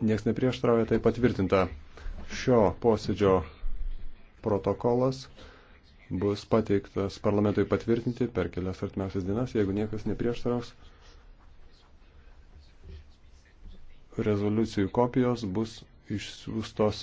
Niekas neprieštrauja, tai patvirtinta. Šio posėdžio protokolas bus pateiktas parlamentui patvirtinti per kelias artimiausias dienas, jeigu niekas neprieštraus. Rezoliucijų kopijos bus išsiųstos